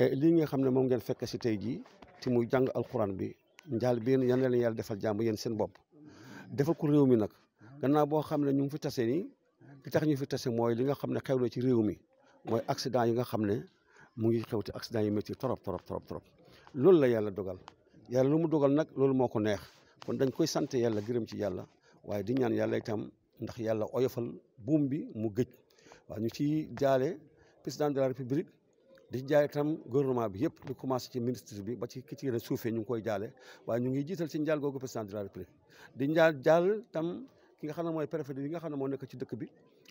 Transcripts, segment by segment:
Eh, lii nga xam ne moom ngeen fekk si tey jii ci muy jàng alxuraan bi njaal bi yan leen yàlla defal jàmm yéen seen bopp defal ko réew mi nag gannaa boo xam ne ñu ngi fi tase nii li tax ñu fi tase mooy li nga xam ne xew na ci réew mi mooy accident yi nga xam ne mu ngi xew te accident yi métti trop trop trop trop loolu la yàlla dogal yàlla lu mu dogal nag loolu moo ko neex kon dañ koy sant yàlla gërëm ci yàlla waaye di ñaan yàlla itam ndax yàlla oyofal buum bi mu gëj waaw ñu ci jaale président de di jaay itam gouvernement bi yëpp di commencé ci ministre bi ba ci ki ci gën ñu ngi koy jaale waaye ñu ngi jiital ci njaal googu président de la république di njaal jaal tam ki nga xam ne mooy préfet bi nga xam ne moo nekk ci dëkk bi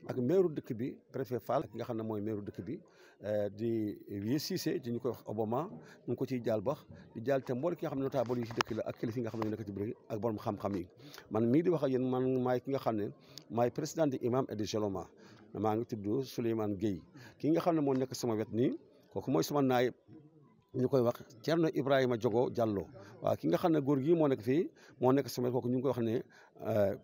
ak meeru dëkk bi préfet Fall nga xam ne mooy meeru dëkk bi euh, di Wiye Cissé di ñu koy wax Obama ñu ko ciy jaal bax di jaal itam mboole ki nga xam ne notable yi ci dëkk ak kilifa yi nga xam ne ñu nekk ci biir ak borom xam-xam yi man mii di wax ak yéen man maay ki nga xam ne maay président de imam et de Joloma maa ngi tudd Souleymane Guèye ki nga xam ne moo nekk sama wet nii অসমৰ কিছুমান নাই ñu koy wax Thierno Ibrahima jogo jallo wa ki nga xamne gor gi mo nek fi mo nek sama kooku ñu koy wax ne euh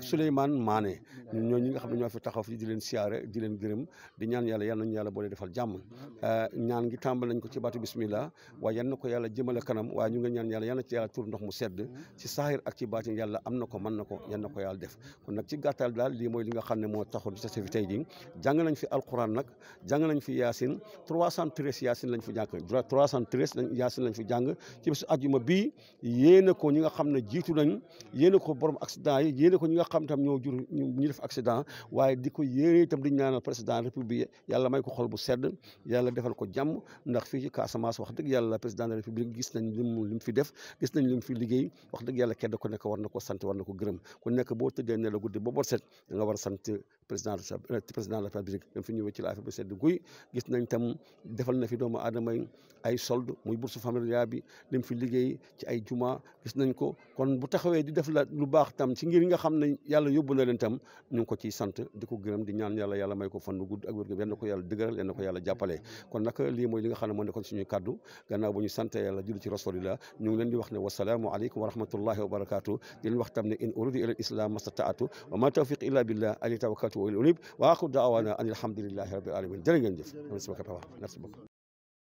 Souleymane Mané ñoo ñi nga xamne ñoo fi taxaw fi di len siaré di len gërem di ñaan yalla ñu yalla bo le defal euh ñaan gi tambal nañ ko ci batu bismillah wa yal ko yalla jëmele kanam wa ñu nga ñaan yalla yalla ci yalla tur ndox mu sedd ci sahir ak ci baatin yalla amna ko man nako ko ko yalla def kon nak ci gàttal dal li moy li nga xamne mo moo ci sefi tay fi tey ji jàng nañ fi alquran nak jang nañ fi yaasin 313 yasin lañ fi jàng 313 lañ yaasin lañ fi jàng ci bisu àjjuma bii yéene ko ñi nga xam ne jiitu nañ yéene ko borom accident yi ko ñi nga xam tam ñoo jur ñu def accident waaye di ko yéene di ñaanal président république yàlla may ko xol bu sedd yàlla defal ko jàmm ndax fii ci wax dëgg yàlla président de la république gis nañ lim li mu fi def gis nañ li mu fi liggéey wax dëgg yàlla kenn ku nekk war na ko sant war na ko gërëm ku nekk boo tëddee ne la guddi ba bor set da nga war a sant président président de la république dam fi ñëwee la affaire bu ay muy bourse familiale bi lim fi liggéey ci ay juma gis ko kon bu taxawee di def la lu baax tam ci ngir nga xam ne yàlla yóbbu na leen tam ñu ngi ko ciy sant di ko gërëm di ñaan yàlla yàlla may ko fan bu gudd ak wér-gu yal na ko na ko yàlla jàppale kon nag lii mooy li nga xam ne moo nekkoon suñuy kàddu gannaaw bu ñu sant yàlla julli ci rasulillah ñu ngi leen di wax ne wasalaamu aleykum wa rahmatullahi wa barakatu di leen wax tam ne in uridu ila islam mastataatu wa ma tawfiq illa billah alayhi tawakkaltu wa ilayhi